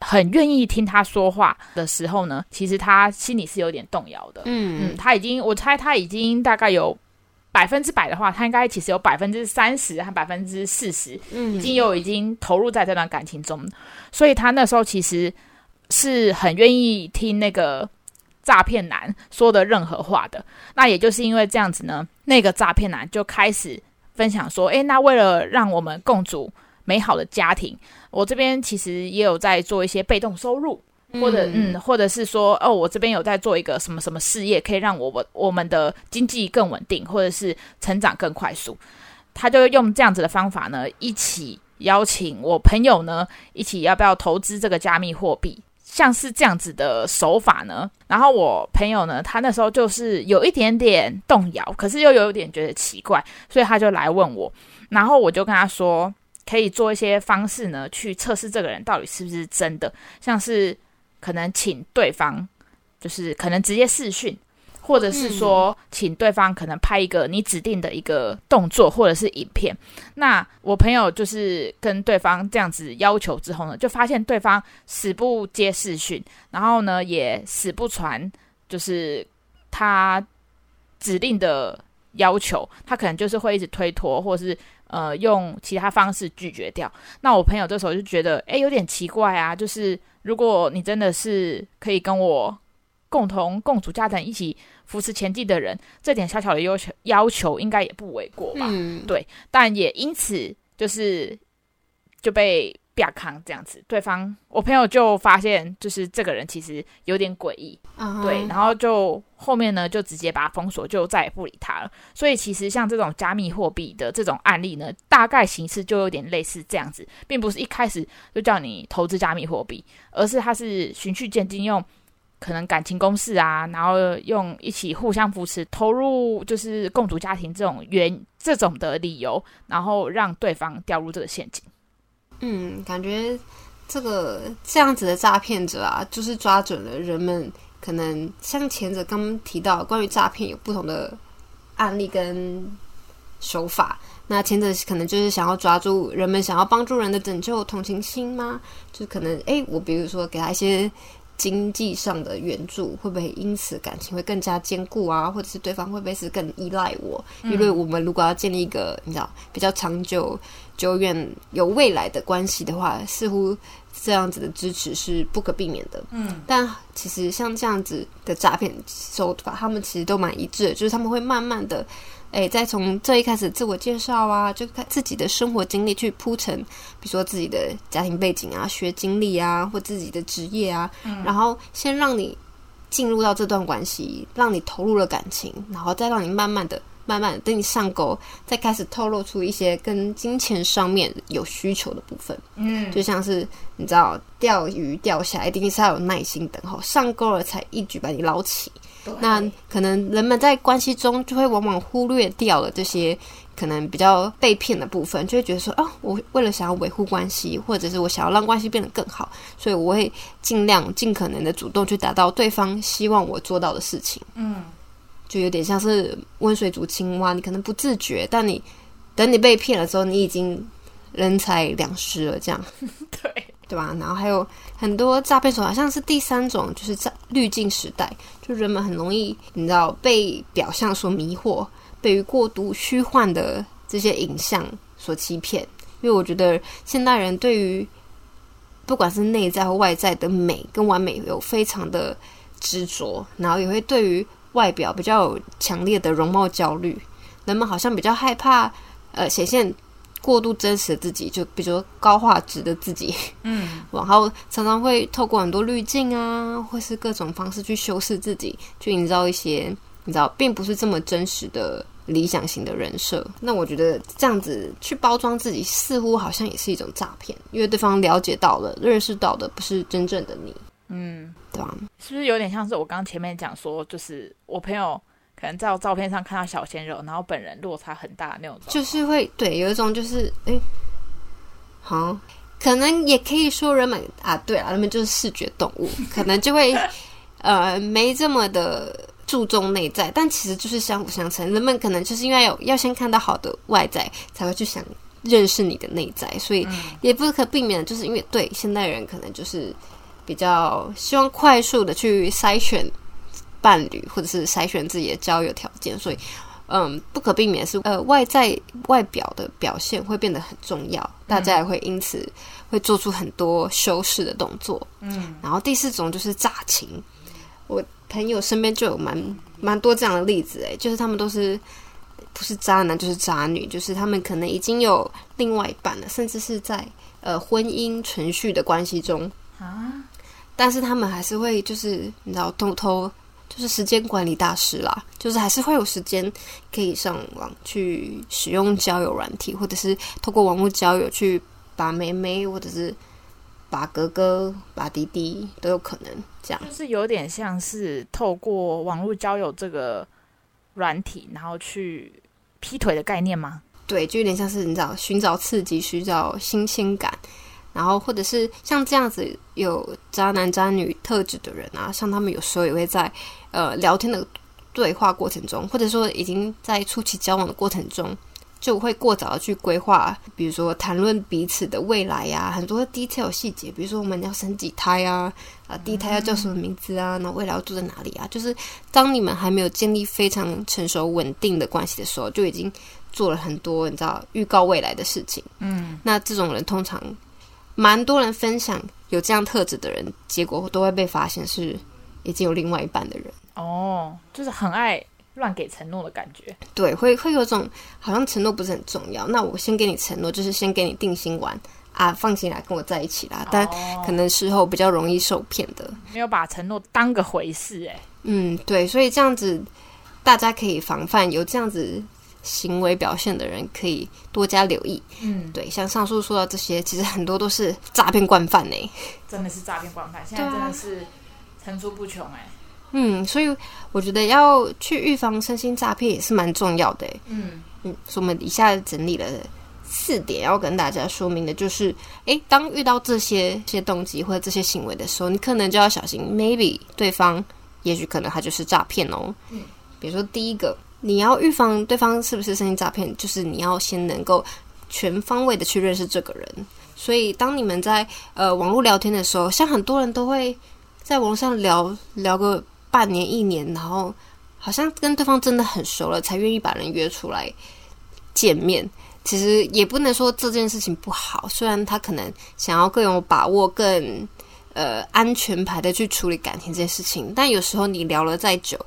Speaker 1: 很願意聽他說話的時候呢，其實他心裡是有點動搖的。嗯嗯，他已經，我猜他已經大概有百分之百的話，他應該其實有百分之三十和百分之四十已經有已經投入在這段感情中，所以他那時候其實是很願意聽那個。詐騙男說的任何話的，那也就是因為這樣子呢，那個詐騙男就開始分享說，誒，那為了讓我們共築美好的家庭，我這邊其實也有在做一些被動收入，或者嗯，嗯，或者是說哦，我這邊有在做一個什麼什麼事業，可以讓我們我們的經濟更穩定，或者是成長更快速。他就用這樣子的方法呢，一起邀請我朋友呢，一起要不要投資這個加密貨幣？像是這樣子的手法呢，然後我朋友呢，他那時候就是有一點點動搖，可是又有點覺得奇怪，所以他就來問我，然後我就跟他說，可以做一些方式呢，去測試這個人到底是不是真的，像是可能請對方，就是可能直接視訊。或者是說，請對方可能拍一個你指定的一個動作，或者是影片。那我朋友就是跟對方這樣子要求之後呢，就發現對方死不接視訊，然後呢也死不傳，就是他指定的要求，他可能就是會一直推脫，或者是呃用其他方式拒絕掉。那我朋友這時候就覺得，哎、欸，有點奇怪啊。就是如果你真的是可以跟我。共同共組家庭一起扶持前進的人，這點小小的要求要求應該也不為過吧？嗯、對，但也因此就是就被亞康這樣子，對方我朋友就發現就是這個人其實有點詭異，uh -huh、對，然後就後面呢就直接把他封鎖，就再也不理他了。所以其實像這種加密貨幣的這種案例呢，大概形式就有點類似這樣子，並不是一開始就叫你投資加密貨幣，而是它是循序漸進用。可能感情攻勢啊，然後用一起互相扶持、投入就是共組家庭這種原這種的理由，然後讓對方掉入這個陷阱。
Speaker 2: 嗯，感覺這個這樣子的詐騙者啊，就是抓準了人們可能像前者剛剛提到，關於詐騙有不同的案例跟手法。那前者可能就是想要抓住人們想要幫助人的拯救同情心嗎？就可能誒，我比如說給他一些。經濟上的援助會不會因此感情會更加堅固啊？或者是對方會不會是更依賴我？嗯。因為我們如果要建立一個你知道比較長久、久遠、有未來的關係的話，似乎這樣子的支持是不可避免的。嗯，但其實像這樣子的詐騙手法，他們其實都蠻一致的，就是他們會慢慢的。誒、欸，再從這一開始自我介紹啊，就看自己的生活經歷去鋪陳，比如說自己的家庭背景啊、學經歷啊，或自己的職業啊、嗯，然後先讓你進入到這段關係，讓你投入了感情，然後再讓你慢慢的、慢慢的等你上鈎，再開始透露出一些跟金錢上面有需求的部分。嗯，就像是你知道釣魚釣蝦，一定是要有耐心等候，上鈎了才一舉把你撈起。那可能人們在關係中就會往往忽略掉了這些可能比較被騙的部分，就會覺得說啊、哦，我為了想要維護關係，或者是我想要讓關係變得更好，所以我會盡量盡可能的主動去達到對方希望我做到的事情。嗯，就有點像是溫水煮青蛙，你可能不自覺，但你等你被騙的時候，你已經人財兩失了。這樣， [LAUGHS] 對對吧？然後還有。很多詐騙手法，像是第三種，就是在濾鏡時代，就人們很容易，你知道被表象所迷惑，被過度虛幻的這些影像所欺騙。因為我覺得現代人對於不管是內在或外在的美跟完美，有非常的執着，然後也會對於外表比較有強烈的容貌焦慮。人們好像比較害怕，呃，顯現。過度真實的自己，就比如說高畫質的自己，嗯，然後常常會透過很多濾鏡啊，或是各種方式去修飾自己，去營造一些你知道，並不是這麼真實的理想型的人設。那我覺得這樣子去包裝自己，似乎好像也是一種詐騙，因為對方了解到了、認識到的不是真正的你，嗯，對吧？
Speaker 1: 是不是有點像是我剛前面講說，就是我朋友。可能在我照片上看到小鮮肉，然後本人落差很大那種，種，就
Speaker 2: 是會對有一種就是誒，好、欸，可能也可以說人們啊，對啊，人 [LAUGHS] 們就是視覺動物，可能就會 [LAUGHS] 呃沒這麼的注重內在，但其實就是相輔相成，人們可能就是因為有要先看到好的外在，才會去想認識你的內在，所以也不可避免，嗯、就是因為對現代人可能就是比較希望快速的去篩選伴侶，或者是篩選自己的交友條件，所以，嗯，不可避免是呃外在外表的表現會變得很重要，嗯、大家也會因此會做出很多修飾的動作。嗯，然後第四種就是詐情，我朋友身邊就有蠻蠻多這樣的例子，誒，就是他們都是不是渣男就是渣女，就是他們可能已經有另外一半了，甚至是在呃婚姻存續的關係中啊，但是他們還是會就是你知道偷偷。就是時間管理大師啦，就是還是會有時間可以上網去使用交友軟體，或者是透過網絡交友去把妹妹，或者是把哥哥、把弟弟都有可能這樣，
Speaker 1: 就是有點像是透過網絡交友這個軟體，然後去劈腿的概念嗎？對，就有點像是你找尋找刺激、尋找新鮮感。
Speaker 2: 然後，或者是像這樣子有渣男渣女特質的人啊，像他們有時候也會在呃聊天的對話過程中，或者說已經在初期交往的過程中，就會過早的去規劃，比如說談論彼此的未來呀、啊，很多的 detail 細節，比如說我們要生幾胎啊，啊第一胎要叫什麼名字啊，然後未來要住在哪裡啊，就是當你們還沒有建立非常成熟穩定的關係的時候，就已經做了很多你知道預告未來的事情。嗯，那這種人通常。蠻多人分享有這樣特質的人，結果都會被發現是已經有另外一半的人
Speaker 1: 哦，就是很愛亂給承諾的感覺。
Speaker 2: 對，會會有種好像承諾不是很重要，那我先給你承諾，就是先給你定心丸啊，放心來跟我在一起啦，哦，但可能事後比較容易受騙的，
Speaker 1: 沒有把承諾當個回事誒。嗯，
Speaker 2: 對，所以這樣子大家可以防範有這樣子行為表現的人可以多加留意。嗯，對，像上述說到這些，其實很多都是詐騙慣犯呢、欸。
Speaker 1: 真的是詐騙慣犯，現在真的是層出不窮
Speaker 2: 哎、欸。嗯，所以我覺得要去預防身心詐騙也是蠻重要的哎、欸。嗯，嗯，所以我們以下整理了四點要跟大家說明的，就是，誒、欸，當遇到這些這些動機或者這些行為的時候，你可能就要小心，maybe 對方，也許可能他就是詐騙哦。嗯，比如說第一個。你要預防對方是不是聲音詐騙，就是你要先能夠全方位的去認識這個人。所以，當你們在呃網絡聊天的時候，像很多人都會在網上聊聊個半年、一年，然後好像跟對方真的很熟了，才願意把人約出來見面。其實也不能說這件事情不好，雖然他可能想要更有把握、更呃安全牌的去處理感情這件事情，但有時候你聊了再久，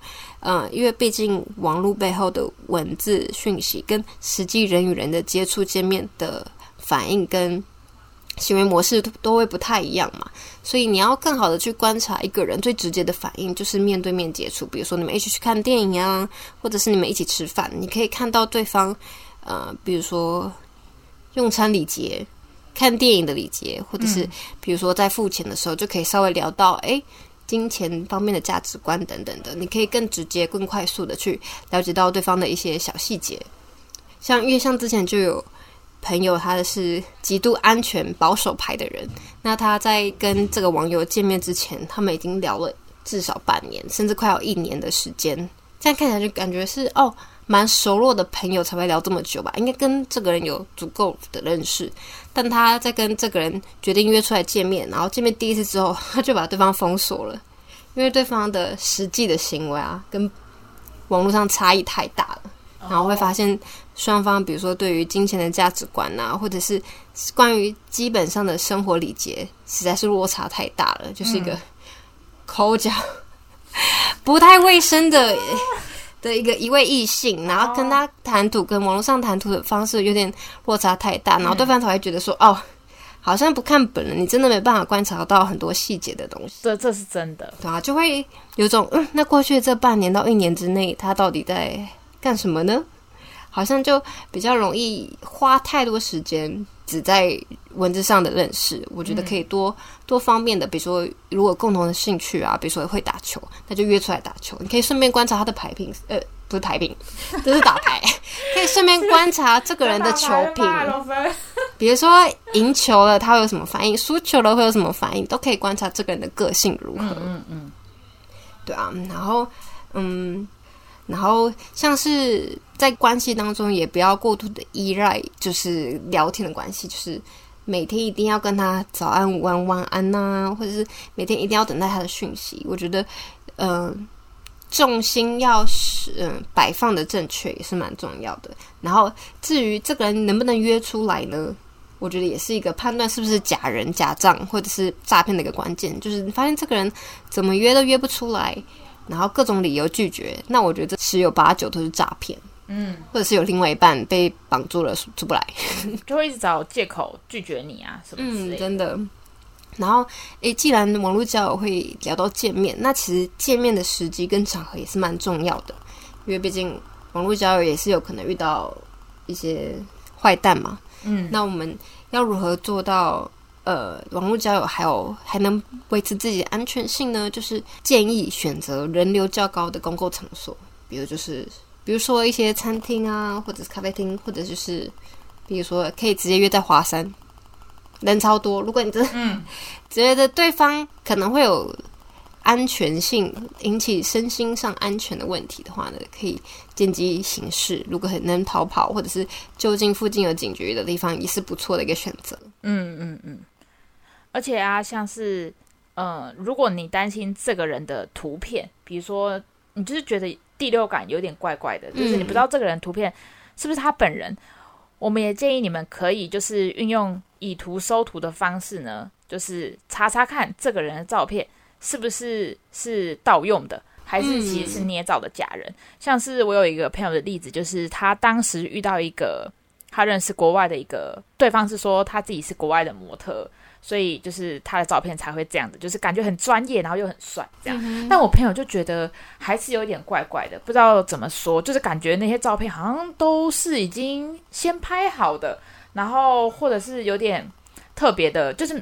Speaker 2: 嗯，因為畢竟網絡背後的文字訊息跟實際人與人的接觸見面的反應跟行為模式都，都會不太一樣嘛，所以你要更好的去觀察一個人最直接的反應，就是面對面接觸，比如說你們一起去看電影啊，或者是你們一起吃飯，你可以看到對方，呃，比如說用餐禮節、看電影的禮節，或者是比如說在付錢的時候，就可以稍微聊到，哎、嗯。欸金錢方面的價值觀等等的，你可以更直接、更快速的去了解到對方的一些小細節。像因為像之前就有朋友，他是極度安全保守派的人，那他在跟這個網友見面之前，他們已經聊了至少半年，甚至快要一年的時間。這樣看起來就感覺是哦，蠻熟絡的朋友才會聊這麼久吧？應該跟這個人有足夠的認識。但他在跟這個人決定約出來見面，然後見面第一次之後，他就把對方封鎖了，因為對方的實際的行為啊，跟網絡上差異太大了，然後會發現雙方，比如說對於金錢的價值觀啊，或者是關於基本上的生活禮節，實在是落差太大了，就是一個摳腳 [LAUGHS] 不太衛生的。的一個一位異性，然後跟他談吐，oh. 跟網絡上談吐的方式有點落差太大，然後對方才會覺得說：“ mm. 哦，好像不看本人，你真的沒辦法觀察到很多細節的東西。”
Speaker 1: 這這是真的，
Speaker 2: 對啊，就會有種嗯，那過去這半年到一年之內，他到底在幹什麼呢？好像就比較容易花太多時間。只在文字上的認識，我覺得可以多多方面的，比如說，如果共同的興趣啊，比如說會打球，那就約出來打球。你可以順便觀察他的牌品，呃，不是牌品，就是打牌， [LAUGHS] 可以順便觀察這個人的球品。 [LAUGHS] 比如說贏球了，他會有什麼反應？輸球了會有什麼反應？都可以觀察這個人的個性如何。嗯嗯嗯，對啊，然後嗯。然後，像是在關係當中，也不要過度的依賴，就是聊天的關係，就是每天一定要跟他早安、午安、晚安吶、啊，或者是每天一定要等待他的訊息。我覺得，嗯、呃，重心要是嗯、呃、擺放得正確也是蠻重要的。然後，至於這個人能不能約出來呢？我覺得也是一個判斷是不是假人、假賬或者是詐騙的一個關鍵。就是你發現這個人怎麼約都約不出來。然後各種理由拒絕，那我覺得十有八九都是詐騙，嗯，或者是有另外一半被綁住了出不來，
Speaker 1: [LAUGHS] 就會一直找借口拒絕你啊什麼之類的、嗯、真的。
Speaker 2: 然後，誒，既然網絡交友會聊到見面，那其實見面的時機跟場合也是蠻重要的，因為畢竟網絡交友也是有可能遇到一些壞蛋嘛。嗯，那我們要如何做到？呃，網絡交友還有還能維持自己的安全性呢，就是建議選擇人流較高的公共場所，比如就是，比如說一些餐廳啊，或者是咖啡廳，或者就是，比如說可以直接約在華山，人超多。如果你真的、嗯、覺得對方可能會有安全性引起身心上安全的問題的話呢，可以見機行事。如果很能逃跑，或者是就近附近有警局的地方，也是不錯的一個選擇。嗯嗯嗯。嗯
Speaker 1: 而且啊，像是，呃，如果你擔心這個人的圖片，比如說你就是覺得第六感有點怪怪的，就是你不知道這個人的圖片是不是他本人，我們也建議你們可以就是運用以圖搜圖的方式呢，就是查查看這個人的照片是不是是盜用的，還是其實是捏造的假人。嗯、像是我有一個朋友的例子，就是他當時遇到一個他認識國外的一個，對方是說他自己是國外的模特。所以就是他的照片才會這樣的，就是感覺很專業，然後又很帥，這樣。但我朋友就覺得還是有點怪怪的，不知道怎麼說，就是感覺那些照片好像都是已經先拍好的，然後或者是有點特別的，就是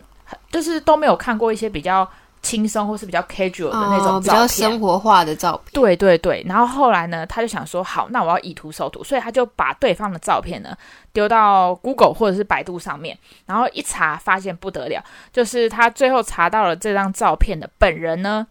Speaker 1: 就是都沒有看過一些比較。輕鬆或是比較 casual 的那種照片。哦，比較生活化的照片。對對對，然後後來呢，他就想說，好，那我要以圖搜圖，所以他就把對方的照片呢丟到 Google 或者是百度上面，然後一查發現不得了，就是他最後查到了這張照片的本人呢，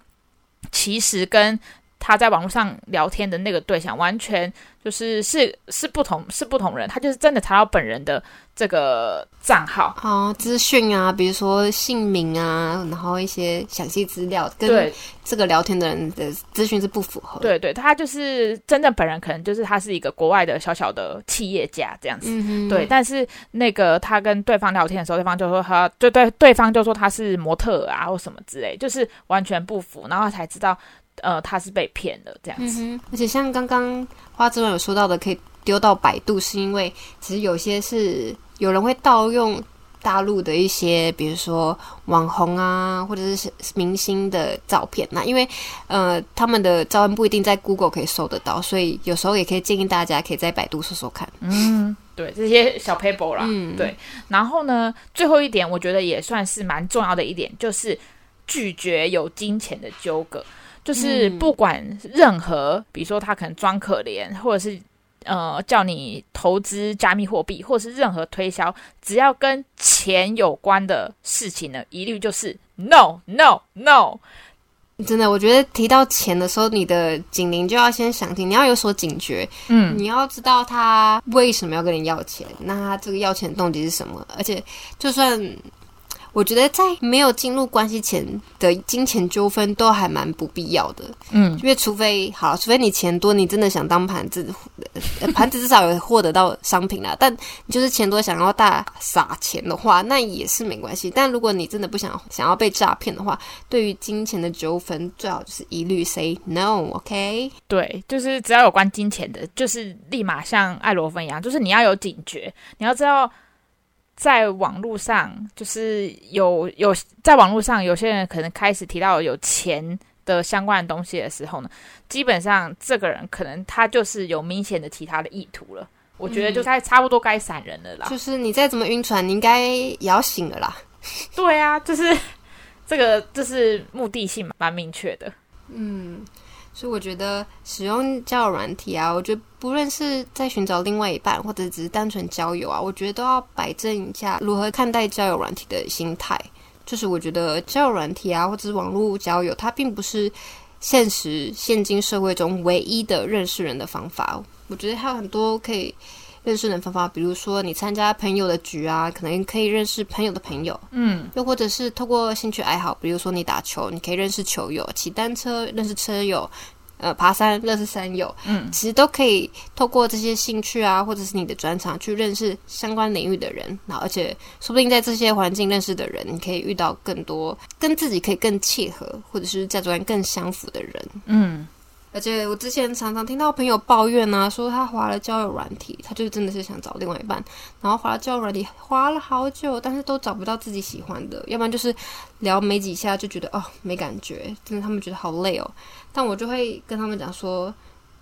Speaker 1: 其實跟。他在網絡上聊天的那個對象，完全就是是是不同是不同人，他就是真的查到本人的這個賬號啊，哦，資訊啊，
Speaker 2: 比如說姓名啊，然後一些詳細資料，跟這個聊天的人的資訊是不符合的。對
Speaker 1: 對，他就是真正本人，可能就是他是一個國外的小小的企業家這樣子。嗯。對，但是那個他跟對方聊天的時候，對方就說他，對對，對方就說他是模特啊或什麼之類，就是完全不符，然後他才知道。呃，他是被騙了這樣子，
Speaker 2: 嗯、而且像剛剛花枝丸有說到的，可以丟到百度，是因為其實有些是有人會盜用大陸的一些，比如說網紅啊，或者是明星的照片。那因為呃，他們的照片不一定在 Google 可以搜得到，所以有時候也可以建議大家可以在百度搜搜看。
Speaker 1: 嗯，對，這些小撇步啦。嗯，對。然後呢，最後一點，我覺得也算是蠻重要的一點，就是拒絕有金錢的糾葛。就是不管任何、嗯，比如說他可能裝可憐，或者是呃叫你投資加密貨幣，或者是任何推銷，只要跟錢有關的事情呢，一律就是 no no no。真的，我覺得提到
Speaker 2: 錢的時候，你的警鈴就要先想聽，你要有所警覺。嗯，你
Speaker 1: 要知道他
Speaker 2: 為什麼要跟你要錢，那他這個要錢的動機是什麼？而且就算。我覺得在沒有進入關係前的金錢糾紛都還蠻不必要的，嗯，因為除非好，除非你錢多，你真的想當盤子，呃，盤子至少有獲得到商品啦。 [LAUGHS] 但你就是錢多想要大撒錢的話，那也是沒關係。但如果你真的不想想要被詐騙的話，對於金錢的糾紛，最好就是一律 say
Speaker 1: no，OK？Okay？對，就是只要有關金錢的，就是立馬像愛羅芬一樣，就是你要有警覺，你要知道。在網絡上，就是有有在網絡上，有些人可能開始提到有錢的相關的東西的時候呢，基本上這個人可能他就是有明顯的其他的意圖了。我覺得就該差不多該閃人了啦。嗯、就是
Speaker 2: 你再怎麼暈船，你應該也要醒了啦。
Speaker 1: [LAUGHS] 對啊，就是這個就是目的性蠻明確的。嗯。
Speaker 2: 就我覺得使用交友軟體啊，我覺得不論是在尋找另外一半，或者只是單純交友啊，我覺得都要擺正一下如何看待交友軟體的心態。就是我覺得交友軟體啊，或者是網絡交友，它並不是現實現今社會中唯一的認識人的方法。我覺得還有很多可以。認識的方法，比如說你參加朋友的局啊，可能可以認識朋友的朋友，嗯，又或者是透過興趣愛好，比如說你打球，你可以認識球友；騎單車認識車友，呃，爬山認識山友，嗯，其實都可以透過這些興趣啊，或者是你的專長去認識相關領域的人，然後而且說不定在這些環境認識的人，你可以遇到更多跟自己可以更契合，或者是價值觀更相符的人，嗯。而且我之前常常聽到朋友抱怨吶，啊，說他滑了交友軟體，他就真的是想找另外一半，然後滑了交友軟體，滑了好久，但是都找不到自己喜歡的，要不然就是聊沒幾下就覺得，哦，沒感覺，真的他們覺得好累哦。但我就會跟他們講說，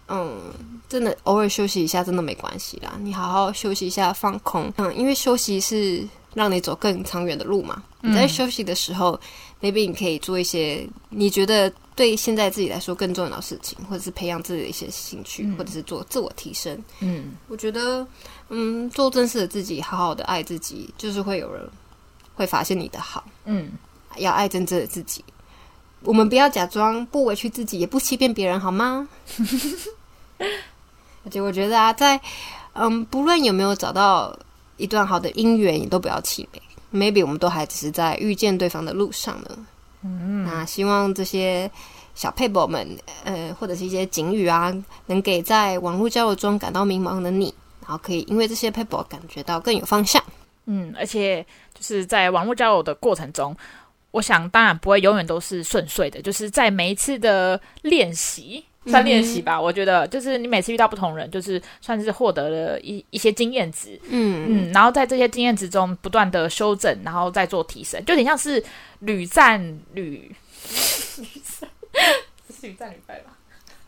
Speaker 2: 嗯，真的偶爾休息一下真的沒關係啦，你好好休息一下，放空，嗯，因為休息是讓你走更長遠的路嘛。你在休息的時候，嗯，maybe 你可以做一些你覺得。對現在自己來說更重要的事情，或者是培養自己的一些興趣，嗯，或者是做自我提升。嗯，我覺得，嗯，做真實的自己，好好的愛自己，就是會有人會發現你的好。嗯，要愛真正的自己。我們不要假裝，不委屈自己，也不欺騙別人，好嗎？ [LAUGHS] 而且我覺得啊，在嗯，不論有沒有找到一段好的姻緣，也都不要氣餒。Maybe 我們都還只是在遇見對方的路上呢。嗯，那希望這些小 people 們，呃，或者是一些警語啊，能給在網絡交友中感到迷茫的你，然後
Speaker 1: 可以因為這些 people 感覺到更有方向。嗯，而且就是在網絡交友的過程中，我想當然不會永遠都是順遂的，就是在每一次的練習，算練習吧。嗯，我覺得就是你每次遇到不同人，就是算是獲得了一一些經驗值，嗯嗯，然後在這些經驗值中不斷的修正，然後再做提升，就挺像是屢戰屢，屢戰，是屢戰屢敗吧？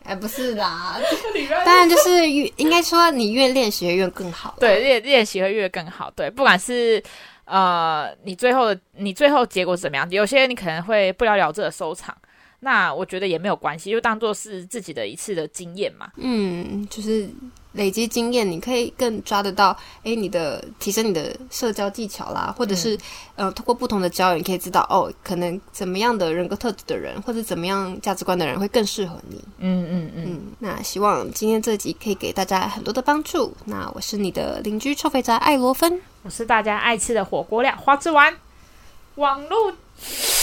Speaker 1: 哎，不是的，當、呃、然、呃、就是
Speaker 2: 越 [LAUGHS] 應該說你越練習越，越
Speaker 1: 更好。對，練練習會越更好。對，不管是呃你最後的，你最後結果怎麼樣，有些你可能會不了了之的收場。那我覺得也沒有關係，就當作是自己的一次的經驗嘛。
Speaker 2: 嗯，就是累積經驗，你可以更抓得到。哎，你的提升你的社交技巧啦，或者是、嗯、呃，通過不同的交友，你可以知道哦，可能怎麼樣的人格特質的人，或者怎麼樣價值觀的人會更適合你。嗯嗯嗯，嗯。那希望今天這集可以給大家很多的幫助。那我是你的鄰居臭肥宅愛羅芬，我是大家愛吃的火鍋料花枝丸。
Speaker 1: 網絡。 [LAUGHS]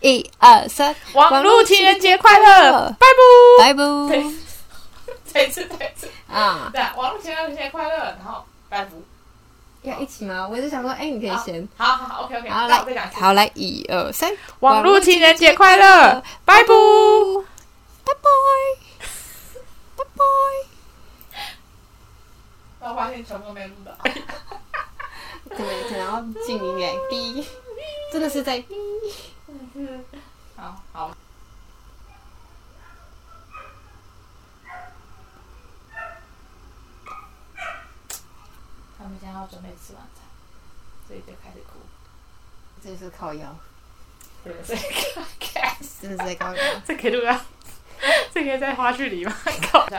Speaker 2: 一二三，網絡情人節快樂，拜拜拜再
Speaker 1: 次再次，次啊，對，網絡情人節快樂，然
Speaker 2: 後拜、啊、要一起嗎？我是想說，哎，你可以先、啊，好好，
Speaker 1: 好 OK OK，好，好，好，好，好，好，好來好來一二三，網絡情人節快樂，拜拜拜拜拜拜，我拜拜拜拜拜拜，發現成功沒錄到，沒沒，然後靜音耶，滴，真的是在。嗯 [LAUGHS] 哼，好好。他們現在要準備吃晚餐，所以就開始哭。這是烤羊，這 [LAUGHS] 是，是靠 c [LAUGHS] 這是靠腰， [LAUGHS] 這可以錄啊， [LAUGHS] [LAUGHS] 這可以在花絮裡嗎？好笑靠下。